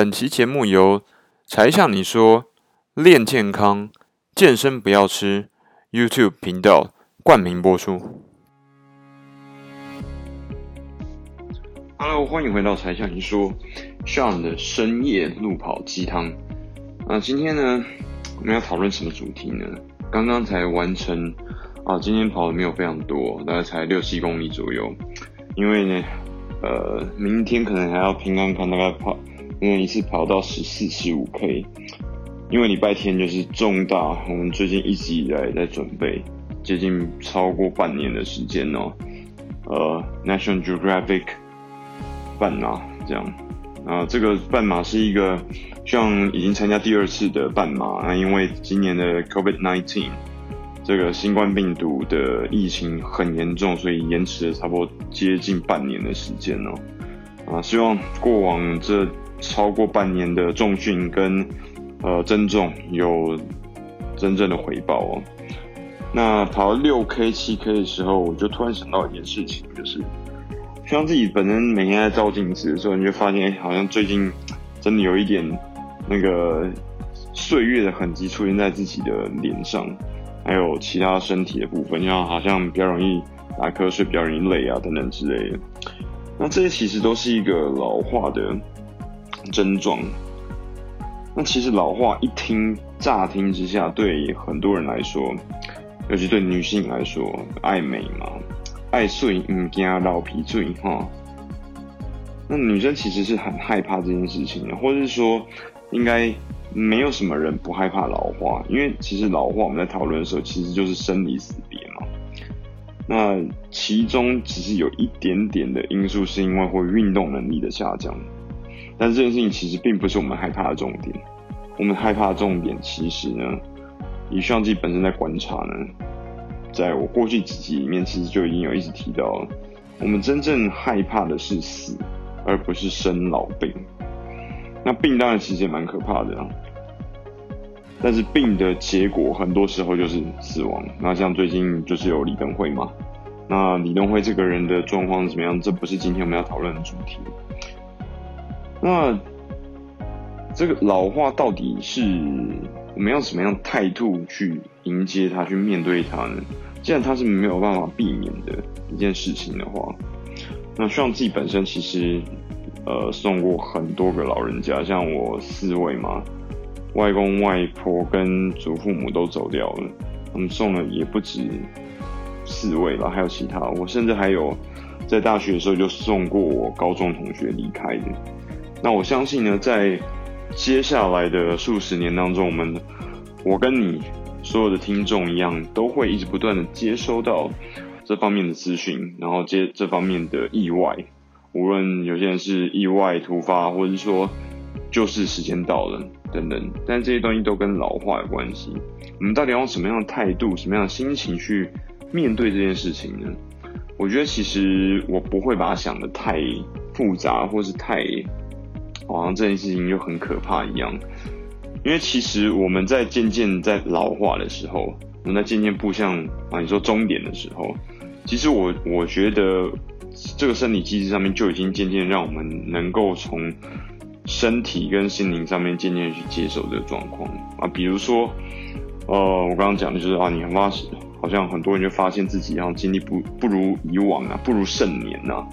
本期節目由“才向你說練健康健身不要吃 ”YouTube 頻道冠名播出。Hello，歡迎回到“才向你說 ”Sean 的深夜路跑雞湯。那、呃、今天呢，我們要討論什麼主題呢？剛剛才完成啊、呃，今天跑的沒有非常多，大概才六七公里左右。因為呢，呃，明天可能還要平安康，大概跑。因為一次跑到十四十五 K，因為禮拜天就是重大，我們最近一直以來在準備，接近超過半年的時間哦。呃，National Geographic，半馬、啊、這樣，啊，這個半馬是一個像已經參加第二次的半馬、啊，因為今年的 COVID-19 這個新冠病毒的疫情很嚴重，所以延遲了差不多接近半年的時間哦。啊，希望過往這。超過半年的重訓跟呃增重，有真正的回報哦。那跑到六 K 七 K 的時候，我就突然想到一件事情，就是像自己本身每天在照鏡子的時候，你就發現哎，好像最近真的有一點那個歲月的痕跡出現在自己的臉上，還有其他身體的部分，就好像比較容易打瞌睡，比較容易累啊等等之類的。那這些其實都是一個老化的症狀，那其實老化一聽，乍聽之下，對很多人來說，尤其對女性來說，愛美嘛，愛睡，唔驚老皮碎哈。那女生其實是很害怕這件事情的，或者是說，應該沒有什麼人不害怕老化，因為其實老化我們在討論的時候，其實就是生離死別嘛。那其中其實有一點點的因素，是因為會運動能力的下降。但是這件事情其實並不是我們害怕的重點，我們害怕的重點其實呢，也希望自己本身在觀察呢，在我過去幾集裡面其實就已經有一直提到了，我們真正害怕的是死，而不是生老病。那病當然其實也蠻可怕的啊，但是病的結果很多時候就是死亡。那像最近就是有李登輝嘛，那李登輝這個人的狀況怎麼樣？這不是今天我們要討論的主題。那這個老化到底是我們要什麼樣態度去迎接它，去面對它呢？既然它是沒有辦法避免的一件事情的話，那希望自己本身其實呃送過很多個老人家，像我四位嘛，外公外婆跟祖父母都走掉了，我們送了也不止四位了，還有其他，我甚至還有在大學的時候就送過我高中同學離開的。那我相信呢，在接下來的數十年當中，我們我跟你所有的聽眾一樣，都會一直不斷地接收到這方面的資訊，然後接這方面的意外。無論有些人是意外突發，或者是說就是時間到了等等，但這些東西都跟老化有關係。我們到底要用什麼樣的態度、什麼樣的心情去面對這件事情呢？我覺得其實我不會把它想得太複雜，或是太。好像這件事情就很可怕一樣，因為其實我們在漸漸在老化的時候，我們在漸漸步向啊你說終點的時候，其實我我覺得這個生理機制上面就已經漸漸讓我們能夠從身體跟心靈上面漸漸去接受這個狀況啊，比如說，呃，我剛剛講的就是啊，你很怕現好像很多人就發現自己然後精力不不如以往啊，不如盛年啊。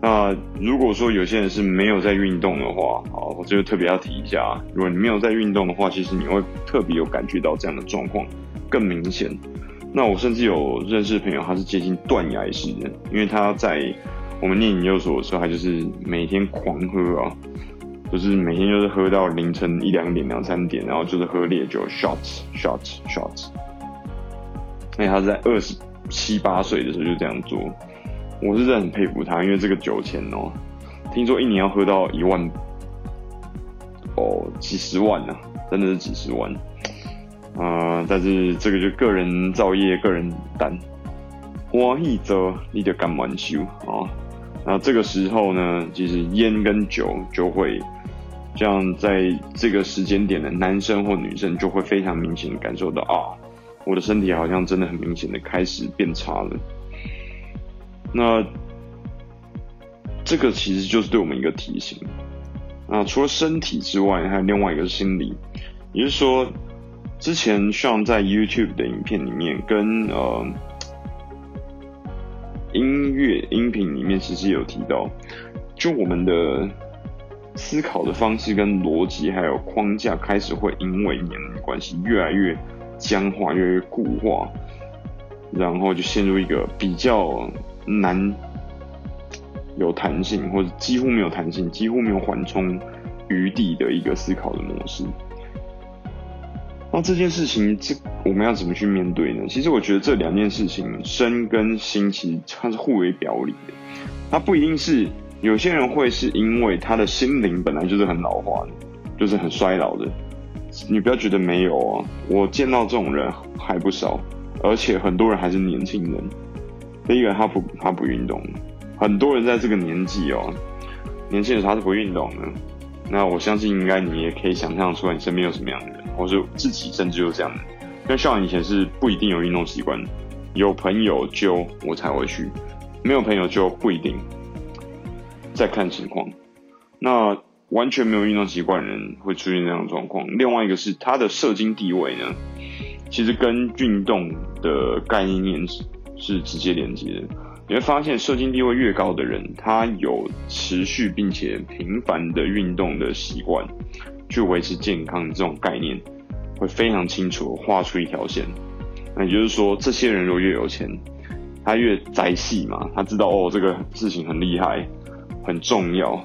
那如果說有些人是沒有在運動的話，啊，我這個特別要提一下，如果你沒有在運動的話，其實你會特別有感覺到這樣的狀況更明顯。那我甚至有認識的朋友，他是接近斷崖式的，因為他在我們念研究所的時候，他就是每天狂喝啊，就是每天就是喝到凌晨一兩點、兩三點，然後就是喝烈酒，shots，shots，shots。那他是在二十七八歲的時候就這樣做。我是真的很佩服他，因為這個酒錢哦、喔，聽說一年要喝到一萬，哦，幾十萬呢、啊，真的是幾十萬啊、呃！但是這個就個人造業，個人擔，花一周，你就乾滿休啊！那這個時候呢，其實煙跟酒就會，這樣在這個時間點的男生或女生，就會非常明顯的感受到啊，我的身體好像真的很明顯的開始變差了。那這個其實就是對我們一個提醒。那除了身體之外，還有另外一個是心理，也就是說，之前像在 YouTube 的影片裡面，跟呃音樂音頻裡面，其實有提到，就我們的思考的方式跟邏輯還有框架，開始會因為年齡關係越來越僵化、越來越固化，然後就陷入一個比較。難有彈性，或者幾乎沒有彈性，幾乎沒有緩衝餘地的一個思考的模式。那這件事情，這我們要怎麼去面對呢？其實，我覺得這兩件事情，身跟心其實它是互為表裡的。它不一定是，有些人會是因為他的心靈本來就是很老化的，就是很衰老的。你不要覺得沒有啊，我見到這種人還不少，而且很多人還是年輕人。第一個他，他不他不運動，很多人在這個年紀哦、喔，年輕人他是不運動的。那我相信，應該你也可以想象出來，你身邊有什麼樣的人，或是自己，甚至就是這樣。因為 Sean 以前是不一定有運動習慣，有朋友就我才會去，沒有朋友就不一定。再看情況。那完全沒有運動習慣的人會出現這樣的狀況。另外一個是他的射精地位呢，其實跟運動的概念，是直接連接的，你會發現，社經地位越高的人，他有持續並且頻繁的運動的習慣，去維持健康這種概念，會非常清楚畫出一條線。那也就是說，這些人如果越有錢，他越宅系嘛，他知道哦，這個事情很厲害，很重要。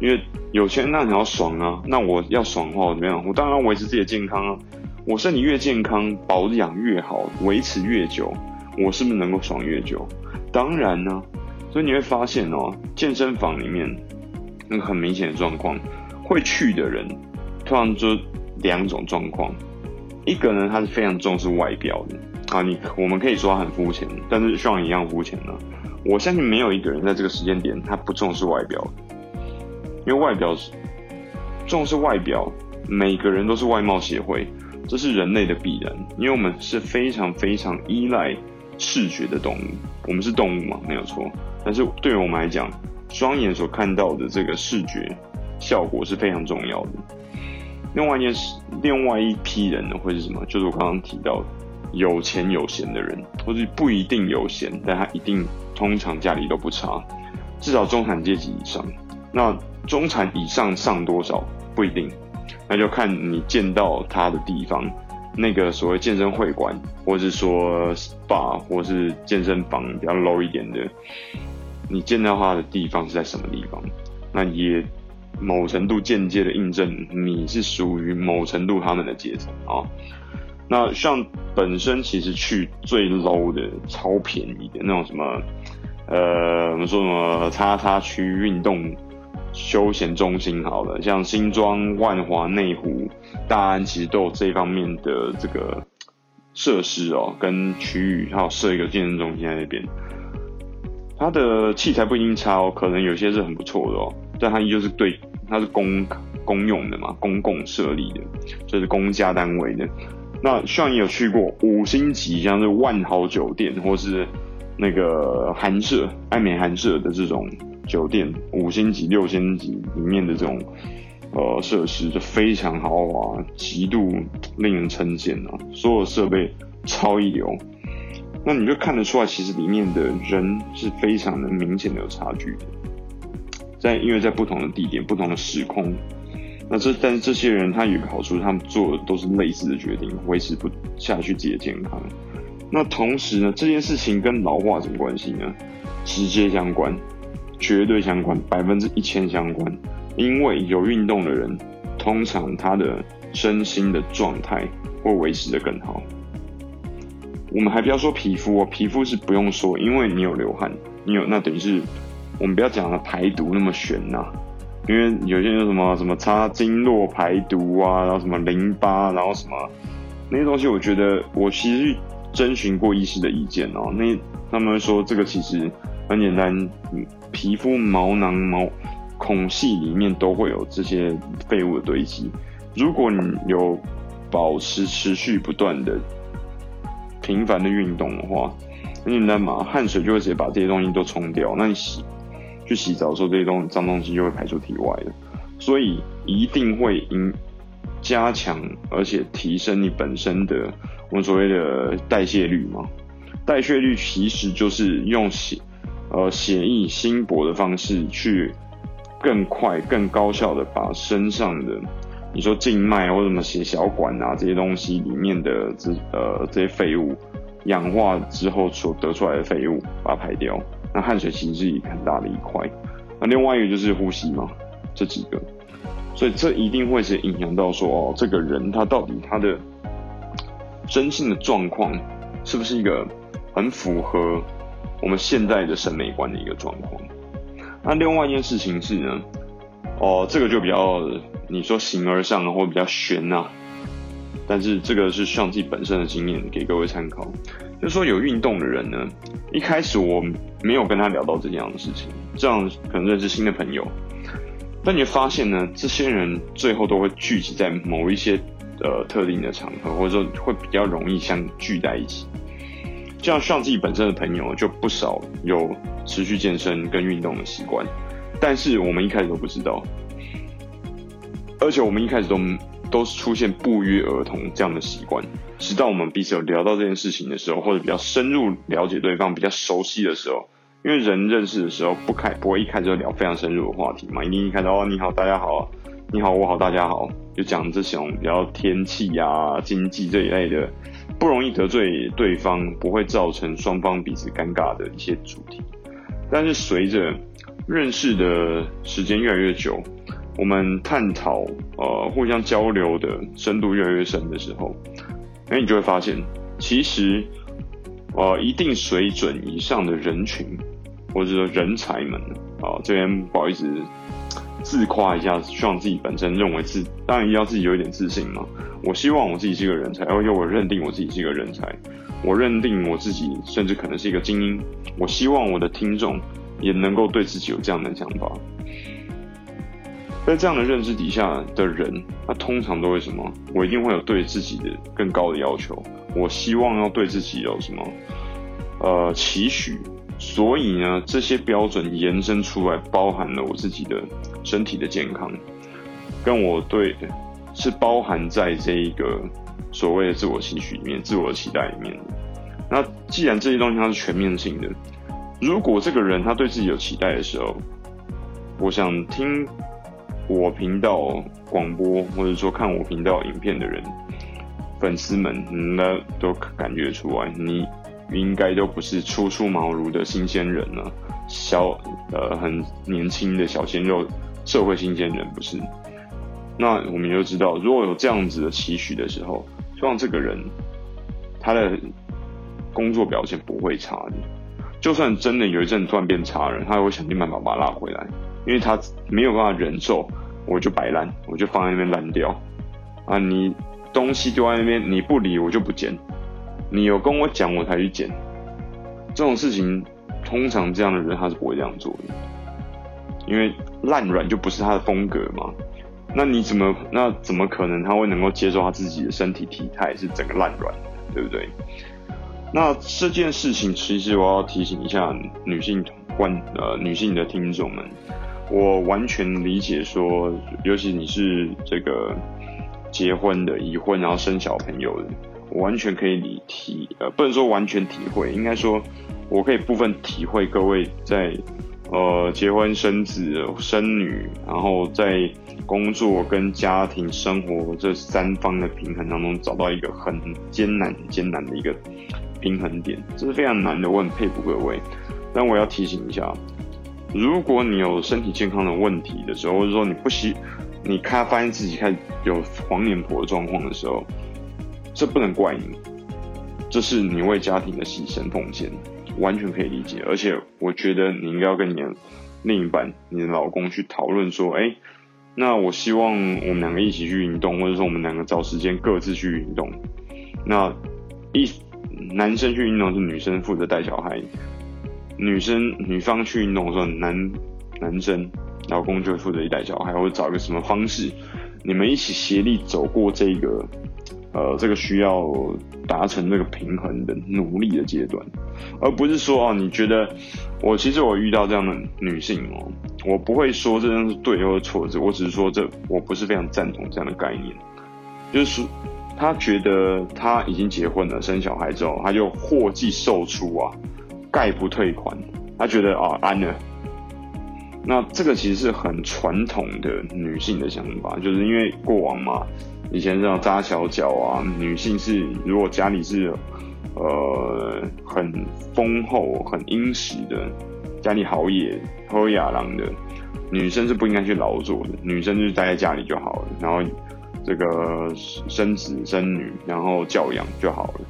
因為有錢，那你要爽啊，那我要爽的話我怎麼樣？我當然要維持自己的健康啊。我身體越健康，保養越好，維持越久。我是不是能夠爽越久？當然呢、啊，所以你會發現哦、喔，健身房裡面那個很明顯的狀況，會去的人，通常就兩種狀況，一個呢，他是非常重視外表的啊，你我們可以說他很膚淺，但是像 Sean 一樣膚淺呢。我相信沒有一個人在這個時間點，他不重視外表，因為外表是重視外表，每個人都是外貌協會，這是人類的必然，因為我們是非常非常依賴。視覺的動物，我們是動物嘛，沒有錯。但是對於我們來講，雙眼所看到的這個視覺效果是非常重要的。另外一件事，另外一批人呢會是什麼？就是我剛剛提到有錢有閒的人，或是不一定有閒，但他一定通常家裡都不差，至少中產階級以上。那中產以上上多少不一定，那就看你見到他的地方。那個所謂健身會館，或是說 SPA 或是健身房比較 low 一點的，你見到他的地方是在什麼地方？那也某程度間接的印證你是屬於某程度他們的階層啊。那像本身其實去最 low 的、超便宜的那種什麼，呃，我們說什麼叉叉區運動？休閒中心好了，像新莊、萬華、內湖、大安，其實都有這方面的這個設施喔，跟區域，還有設一個健身中心在那邊。它的器材不一定差喔，可能有些是很不錯的喔，但它依舊是對，它是公公用的嘛，公共設立的，就是公家單位的。那像你有去過五星級，像是萬豪酒店或是那個寒舍、艾美寒舍的這種。酒店五星級、六星級裡面的這種呃設施，就非常豪華，極度令人稱羨啊，所有設備超一流，那你就看得出來，其實裡面的人是非常的明顯的有差距的，在，因為在不同的地點、不同的時空，那這，但是這些人他有個好處，他們做的都是類似的決定，維持不下去自己的健康。那同時呢，這件事情跟老化什麼關係呢？直接相關。絕對相關，百分之一千相關，因為有運動的人，通常他的身心的狀態會維持得更好。我們還不要說皮膚哦、喔，皮膚是不用說，因為你有流汗，你有那等於是我們不要講了排毒那麼玄吶、啊，因為有些人什麼什麼擦經絡排毒啊，然後什麼淋巴，然後什麼那些東西，我覺得我其實是徵詢過醫師的意見哦、喔，那他們說這個其實很簡單，嗯。皮膚毛囊毛孔隙，裡面都會有這些廢物的堆積。如果你有保持持續不斷的、頻繁的運動的話，那你那嘛，汗水就會直接把這些東西都沖掉。那你洗去洗澡的時候，這些東髒東西就會排出體外了。所以一定會因加強而且提升你本身的我們所謂的代謝率嘛。代謝率其實就是用洗。呃，血液心搏的方式去更快、更高效的把身上的，你說靜脈或什麼血小管啊這些東西裡面的這呃這些廢物氧化之後所得出來的廢物把它排掉。那汗水其實是一個很大的一塊。那另外一個就是呼吸嘛，這幾個，所以這一定會是影響到說哦，這個人他到底他的身心的狀況是不是一個很符合。我們現在的審美觀的一個狀況。那另外一件事情是呢，哦，這個就比較你說形而上的，或比較懸吶、啊。但是這個是自己本身的經驗，給各位參考。就是說有運動的人呢，一開始我沒有跟他聊到這樣的事情，這樣可能認識新的朋友。但你會發現呢，這些人最後都會聚集在某一些呃特定的場合，或者說會比較容易相聚在一起。就像像自己本身的朋友就不少有持續健身跟運動的習慣，但是我們一開始都不知道，而且我們一開始都都是出現不約而同這樣的習慣，直到我們彼此有聊到這件事情的時候，或者比較深入了解對方、比較熟悉的時候，因為人認識的時候不開不會一開始就聊非常深入的話題嘛，一定一開始，哦，你好，大家好，你好我好，大家好。就講這種比較天氣呀、啊、經濟這一類的，不容易得罪對方，不會造成雙方彼此尷尬的一些主題。但是隨着認識的時間越來越久，我們探討呃互相交流的深度越來越深的時候，哎、欸，你就會發現，其實啊、呃，一定水準以上的人群，或者說人才們啊、呃，這邊不好意思。自誇一下，希望自己本身認為自，當然要自己有一點自信嘛。我希望我自己是一個人才，而且我認定我自己是一個人才。我認定我自己甚至可能是一個精英。我希望我的聽眾也能夠對自己有這樣的想法。在這樣的認知底下的人，他通常都會什麼？我一定會有對自己的更高的要求。我希望要對自己有什麼？呃，期許。所以呢，這些標準延伸出來，包含了我自己的身體的健康，跟我對，是包含在這一個所謂的自我期許裡面、自我的期待裡面。那既然這些東西它是全面性的，如果這個人他對自己有期待的時候，我想聽我頻道廣播，或者說看我頻道影片的人，粉絲們，那都感覺出來你。應該都不是初出茅廬的新鮮人了，小呃很年輕的小鮮肉，社會新鮮人不是。那我們就知道，如果有這樣子的期許的時候，希望這個人他的工作表現不會差的。就算真的有一陣突然變差了，他也會想盡辦法把他拉回來，因為他沒有辦法忍受，我就擺爛，我就放在那邊爛掉啊！你東西丟在那邊，你不理我就不撿。你有跟我講，我才去剪。這種事情，通常這樣的人他是不會這樣做的，因為爛軟就不是他的風格嘛。那你怎麼，那怎麼可能他會能夠接受他自己的身體體態是整個爛軟的，對不對？那這件事情，其實我要提醒一下女性同觀呃女性的聽眾們，我完全理解說，尤其你是這個結婚的、已婚然後生小朋友的。完全可以理體呃，不能說完全體會，應該說，我可以部分體會各位在，呃，結婚生子、生女，然後在工作跟家庭生活這三方的平衡當中，找到一個很艱難、艱難的一個平衡點，這是非常難的。我很佩服各位，但我要提醒一下，如果你有身體健康的問題的時候，或者說你不喜，你開，發現自己開始有黃臉婆的狀況的時候。這不能怪你，這是你為家庭的犧牲奉獻，完全可以理解。而且，我覺得你應該要跟你的另一半、你的老公去討論說：“哎、欸，那我希望我們兩個一起去運動，或者說我們兩個找時間各自去運動。那一男生去運動，是女生負責帶小孩；女生女方去運動，的時候，男男生老公就負責一帶小孩，或者找一個什麼方式，你們一起協力走過這個。”呃，這個需要達成這個平衡的努力的階段，而不是說啊，你覺得我其實我遇到這樣的女性哦，我不會說這樣是對或者錯，我只是說這我不是非常贊同這樣的概念，就是她覺得她已經結婚了，生小孩之後，她就貨既售出啊，概不退款，她覺得啊安了，那這個其實是很傳統的女性的想法，就是因爲過往嘛。以前這種扎小腳啊，女性是如果家裡是，呃，很豐厚、很殷實的，家裡好野、好野郎的，女生是不應該去勞作的，女生就待在家裡就好了，然後這個生子生女，然後教養就好了。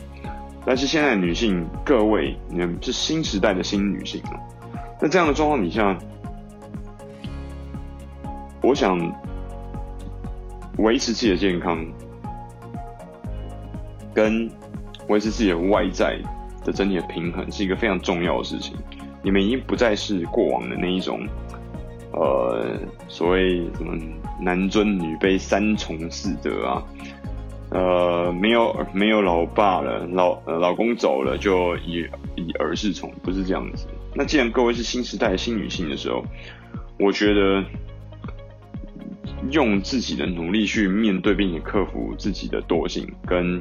但是現在女性各位，你們是新時代的新女性啊，那這樣的狀況底下，我想。維持自己的健康，跟維持自己的外在的整體的平衡，是一個非常重要的事情。你們已經不再是過往的那一種，呃，所謂什麼男尊女卑、三從四德啊，呃，沒有沒有老爸了，老、呃、老公走了就以以兒是從，不是這樣子。那既然各位是新時代的新女性的時候，我覺得。用自己的努力去面對，並且克服自己的惰性跟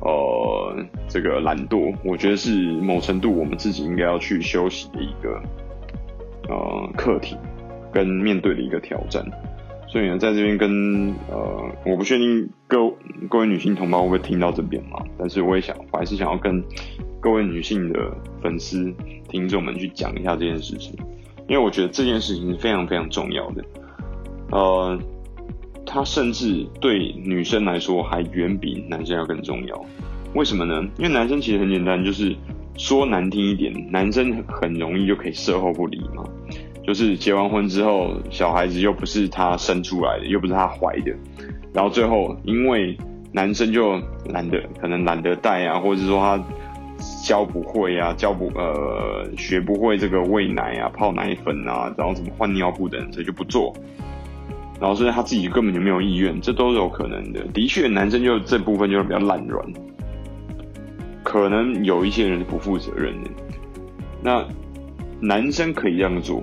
呃這個懶惰，我覺得是某程度我們自己應該要去休息的一個呃課題跟面對的一個挑戰。所以呢，在這邊跟呃，我不確定各位各位女性同胞會不會聽到這邊嘛，但是我也想，我還是想要跟各位女性的粉絲聽眾們去講一下這件事情，因為我覺得這件事情是非常非常重要的。呃，他甚至對女生來說還遠比男生要更重要，為什麼呢？因為男生其實很簡單，就是說難聽一點，男生很容易就可以射後不理嘛，就是結完婚之後，小孩子又不是他生出來的，又不是他懷的，然後最後因為男生就懶得，可能懶得帶啊，或者是說他教不會啊，教不呃學不會這個餵奶啊、泡奶粉啊，然後怎麼換尿布等，所以就不做。然後所以他自己根本就沒有意願，這都是有可能的。的確，男生就這部分就是比較爛軟，可能有一些人是不負責任的。那男生可以這樣做，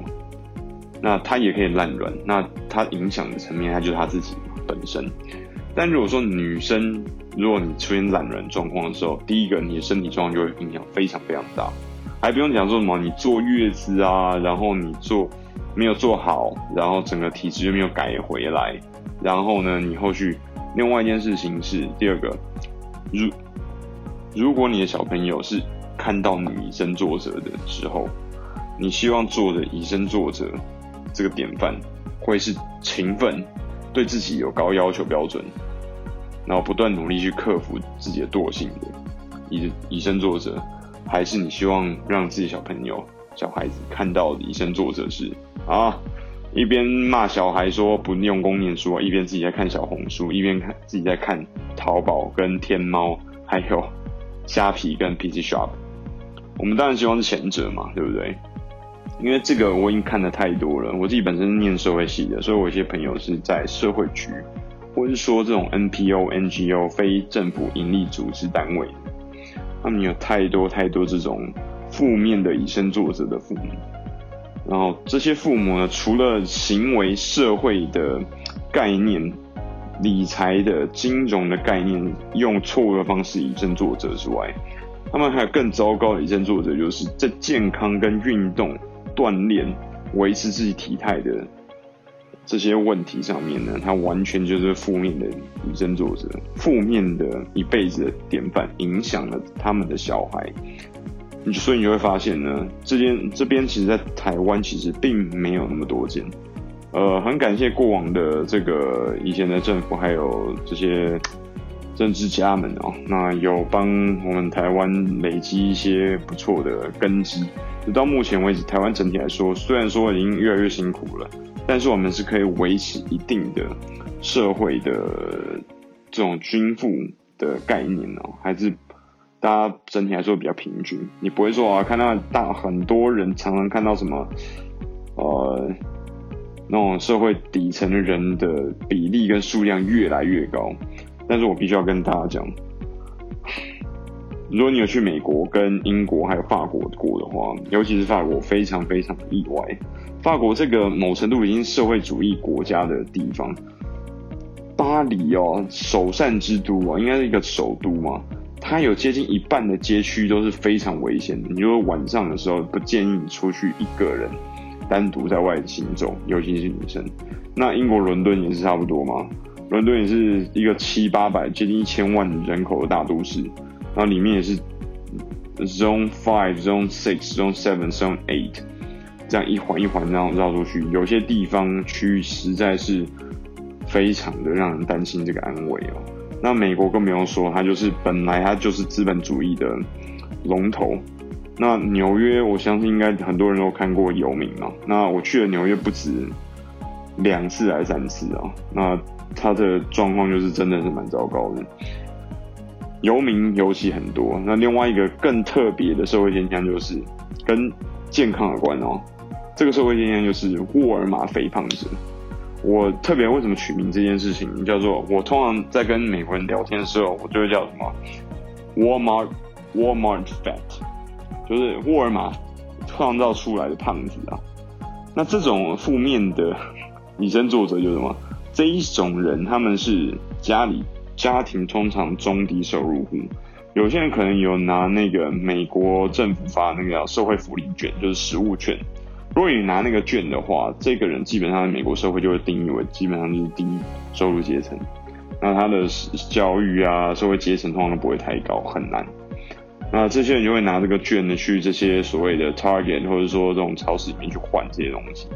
那他也可以爛軟，那他影響的層面，他就是他自己本身。但如果說女生，如果你出現爛軟狀況的時候，第一個你的身體狀況就會影響非常非常大，還不用講說什麼，你坐月子啊，然後你坐。沒有做好，然後整個體質又沒有改回來。然後呢，你後續另外一件事情是第二個，如、如果你的小朋友是看到你以身作則的時候，你希望做的以身作則這個典範，會是勤奮、對自己有高要求標準，然後不斷努力去克服自己的惰性的，以、以身作則，還是你希望讓自己小朋友、小孩子看到的以身作則是？啊，一邊罵小孩說不用功念書，一邊自己在看小紅書，一邊看自己在看淘寶跟天貓，還有蝦皮跟 PC Shop。我們當然希望是前者嘛，對不對？因為這個我已經看得太多了。我自己本身念社會系的，所以我一些朋友是在社會局，或是說這種 NPO NGO 非政府營利組織單位。他們有太多太多這種負面的以身作則的父母。然後這些父母呢，除了行為社會的概念、理財的金融的概念，用錯誤的方式以身作則之外，他們還有更糟糕的以身作則，就是在健康跟運動、鍛鍊、維持自己體態的這些問題上面呢，他完全就是負面的以身作則，負面的一輩子的典範，影響了他們的小孩。你，所以你就會發現呢，這邊這邊其實，在台灣其實並沒有那麼多間。呃，很感謝過往的這個以前的政府還有這些政治家們哦、喔，那有幫我們台灣累積一些不錯的根基。直到目前為止，台灣整體來說，雖然說已經越來越辛苦了，但是我們是可以維持一定的社會的這種均富的概念哦、喔，還是。大家整體來說比較平均，你不會說，啊看到大很多人常常看到什麼，呃，那種社會底層的人的比例跟數量越來越高。但是我必須要跟大家講，如果你有去美國跟英國還有法國過的話，尤其是法國，非常非常意外。法國這個某程度已經是社會主義國家的地方，巴黎哦，首善之都哦，應該是一個首都嘛。它有接近一半的街區都是非常危險的，你如果晚上的時候不建議你出去一個人單獨在外行走，尤其是女生。那英國倫敦也是差不多嘛，倫敦也是一個七八百接近一千萬人口的大都市，然後裡面也是 zone five、zone six、zone seven、zone eight，這樣一環一環繞繞出去，有些地方區域實在是非常的讓人擔心這個安危喔。那美國更不用說，它就是本來它就是資本主義的龍頭。那紐約，我相信應該很多人都看過游民嘛。那我去了紐約不止兩次來三次啊、哦。那他的狀況就是真的是蠻糟糕的，游民尤其很多。那另外一個更特別的社會現象就是跟健康有關哦。這個社會現象就是沃爾瑪肥胖子。我特別為什麼取名這件事情叫做，我通常在跟美國人聊天的時候，我就會叫什麼 Walmart Walmart Fat，就是沃爾瑪創造出來的胖子啊。那這種負面的以身作則就是什麼？這一種人他們是家裡家庭通常中低收入戶，有些人可能有拿那個美國政府發叫那個社會福利券，就是食物券。如果你拿那個券的話，這個人基本上在美國社會就會定義為基本上就是低收入階層，那他的教育啊、社會階層通常都不會太高，很難。那這些人就會拿這個券呢去這些所謂的 Target 或者說這種超市裡面去換這些東西。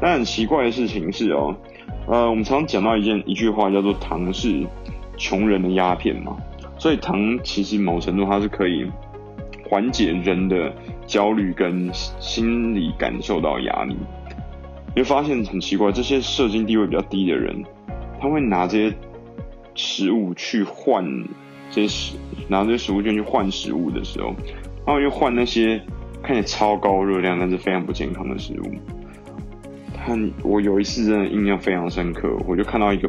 但很奇怪的事情是哦、喔，呃，我們常常講到一件一句話叫做“糖是窮人的鴉片”嘛，所以糖其實某程度它是可以緩解人的。焦慮跟心理感受到壓力，你會發現很奇怪，這些社會地位比較低的人，他會拿這些食物去換這些食，拿這些食物券去換食物的時候，然後又換那些看起來超高熱量，但是非常不健康的食物。他，我有一次真的印象非常深刻，我就看到一個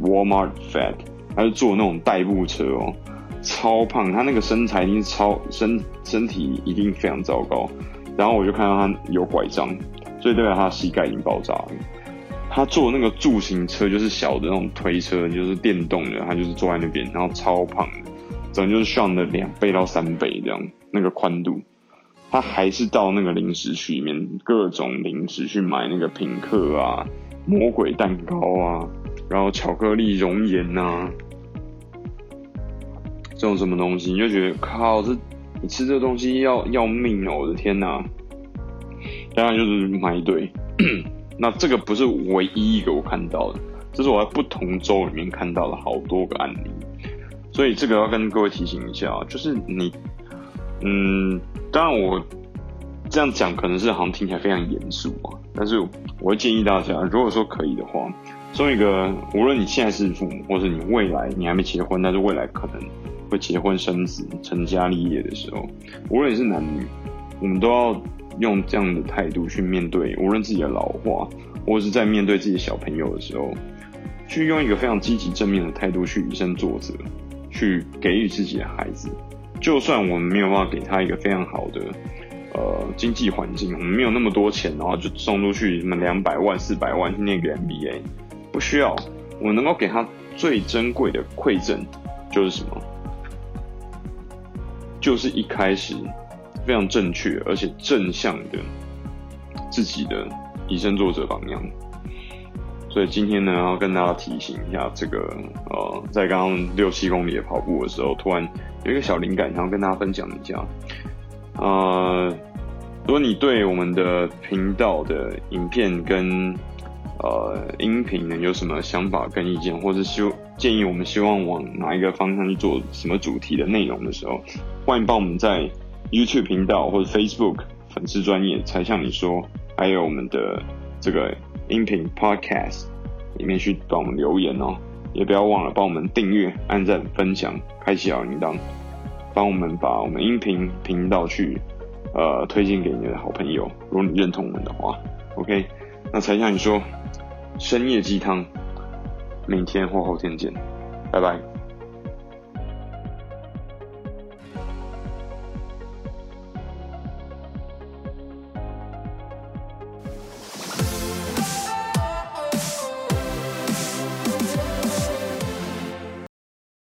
Walmart fat，他是坐那種代步車哦。超胖，他那個身材已經超身身體一定非常糟糕。然後我就看到他有拐杖，所以代表他的膝蓋已經爆炸了。他坐那個助行車，就是小的那種推車，就是電動的。他就是坐在那邊，然後超胖的，整就是上了兩倍到三倍這樣，那個寬度。他還是到那個零食區裡面，各種零食去買那個品客啊、魔鬼蛋糕啊，然後巧克力熔岩啊。這種什麼東西，你就覺得靠，這你吃這東西要要命哦！我的天哪，當然就是買一堆。 那這個不是唯一一個我看到的，這是我在不同州裡面看到了好多個案例。所以這個要跟各位提醒一下啊，就是你，嗯，當然我這樣講可能是好像聽起來非常嚴肅啊，但是我會建議大家，如果說可以的話，送一個無論你現在是父母，或是你未來你還沒結婚，但是未來可能會結婚生子、成家立業的時候，無論你是男女，我們都要用這樣的態度去面對，無論自己的老化，或者是在面對自己的小朋友的時候，去用一個非常積極正面的態度去以身作則，去給予自己的孩子，就算我們沒有辦法給他一個非常好的呃經濟環境，我們沒有那麼多錢，然後就送出去什麼兩百萬、四百萬去念個 MBA，不需要，我能夠給他最珍貴的饋贈就是什麼？就是一開始非常正確而且正向的自己的以身作則榜樣，所以今天呢，要跟大家提醒一下這個呃，在剛剛六七公里的跑步的時候，突然有一個小靈感，想要跟大家分享一下。呃，如果你對我們的頻道的影片跟呃音頻呢，有什麼想法跟意見，或是希建議我們希望往哪一個方向去做什麼主題的內容的時候，歡迎幫我們在 YouTube 頻道或者 Facebook 粉絲專頁才向你說，還有我們的這個音頻 podcast 裡面去幫我們留言哦、喔，也不要忘了幫我們訂閱、按讚、分享、開啟小鈴鐺，幫我們把我們音頻頻道去呃推薦給你的好朋友，如果你認同我們的話，OK，那才向你說深夜雞湯，明天或後天見，拜拜。